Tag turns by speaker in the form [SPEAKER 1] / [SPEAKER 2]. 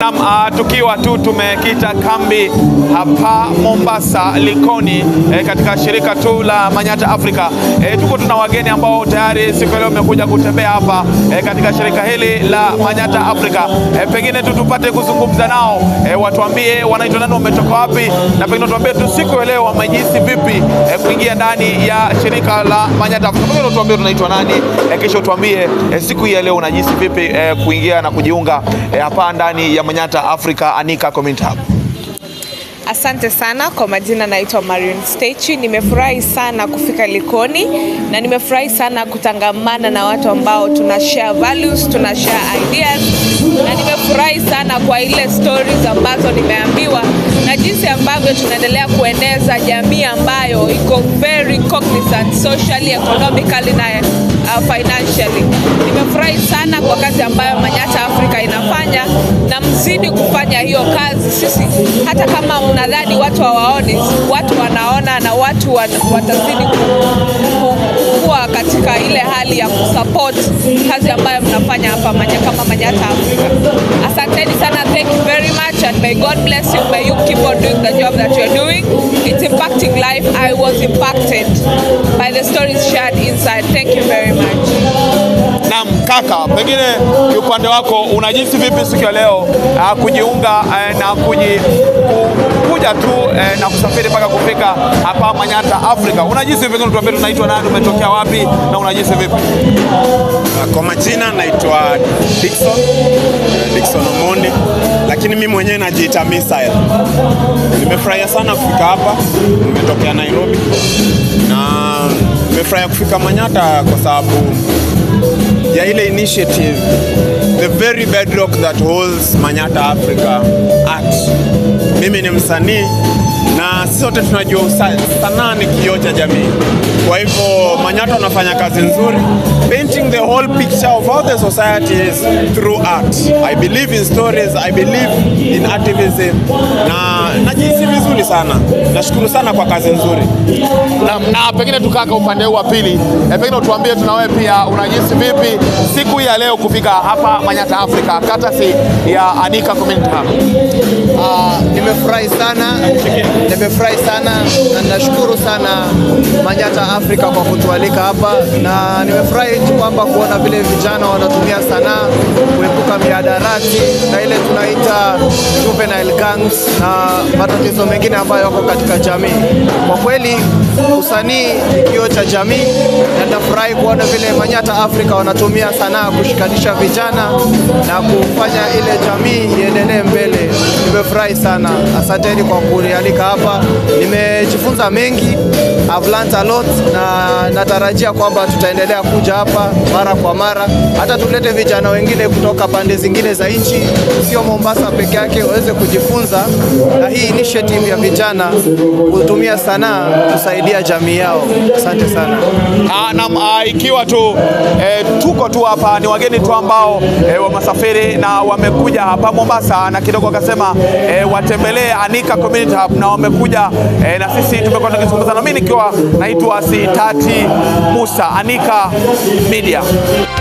[SPEAKER 1] Nam, ah, tukiwa tu tumekita kambi hapa Mombasa Likoni, e, katika shirika tu la Manyatta Africa e, tuko tuna wageni ambao tayari siku leo wamekuja kutembea hapa e, katika shirika hili la Manyatta Africa e, pengine tu tupate kuzungumza nao e, watuambie wanaitwa nani, wametoka wapi, na pengine tuambie tu siku leo wamejisi vipi e, kuingia ndani ya shirika la Manyatta Africa. Pengine tunaitwa nani e, kisha utuambie e, siku hii ya leo unajisi vipi e, kuingia na kujiunga e, hapa ndani ya Kenyatta Africa Anika Community Hub.
[SPEAKER 2] Asante sana kwa majina, naitwa Marion Stechi. Nimefurahi sana kufika Likoni na nimefurahi sana kutangamana na watu ambao tuna share values, tuna share ideas, na nimefurahi sana kwa ile stories ambazo nimeambiwa na jinsi ambavyo tunaendelea kueneza jamii ambayo iko very cognizant socially, economically na uh, financially. Nimefurahi sana kwa kazi ambayo Manyata Africa inafanya na mzidi kufanya hiyo kazi. Sisi hata kama unadhani watu hawaoni, watu wanaona na watu watazidi kukua katika ile hali ya kusupport kazi ambayo mnafanya hapa kama Manyata Afrika. Asanteni sana, thank you very much and may God bless you, may you keep on doing the job that you
[SPEAKER 1] Kaka, pengine upande wako unajisi vipi siku ya leo uh, kujiunga uh, na kuji, kuja tu uh, na kusafiri mpaka kufika hapa Manyata afrika unajisi vipi? Tuambie, unaitwa nani, umetokea wapi na unajisi vipi?
[SPEAKER 3] Ah, kwa majina naitwa Dickson eh, Dickson Omondi, lakini mimi mwenyewe najiita Misael. Nimefurahia sana kufika hapa, nimetokea Nairobi na nimefurahia kufika Manyata kwa sababu ya ile initiative, the very bedrock that holds Manyata Africa at Mimi ni msanii na sote tunajua sanaa ni kioo cha jamii. Kwa hivyo Manyatta anafanya kazi nzuri, painting the whole picture of how the society is through art. I believe in stories, I believe in activism, na najisi vizuri sana. Nashukuru sana kwa kazi nzuri.
[SPEAKER 1] Na, na pengine tukaka upande huu wa pili, e, pengine utuambie tuna wewe pia unajisi vipi siku ya leo kufika hapa Manyatta Africa, katasi ya Anika Community Hub?
[SPEAKER 4] Uh, nimefurahi sana Nimefurahi sana na ninashukuru sana Manyata Afrika kwa kutualika hapa, na nimefurahi kwamba kuona vile vijana wanatumia sanaa kutoka miadarati na ile tunaita juvenile gangs na matatizo mengine ambayo yako katika jamii. Kwa kweli usanii ni kio cha jamii, na nitafurahi kuona vile Manyata Afrika wanatumia sanaa kushikanisha vijana na kufanya ile jamii iendelee mbele. Nimefurahi sana, asanteni kwa kunialika hapa, nimejifunza mengi. I've learned a lot na natarajia kwamba tutaendelea kuja hapa mara kwa mara, hata tulete vijana wengine kutoka pande zingine za nchi, sio Mombasa peke yake, waweze kujifunza na hii initiative ya vijana kutumia sanaa kusaidia jamii yao. Asante sana.
[SPEAKER 1] Ah, na ah, ikiwa tu eh, tuko tu hapa, ni wageni tu ambao eh, wamasafiri na wamekuja hapa Mombasa na kidogo akasema eh, watembelee Anika Community Hub na wamekuja eh, na sisi tumekuwa tukizungumza na mimi nikiwa naitwa Sitati Musa, Anika Media.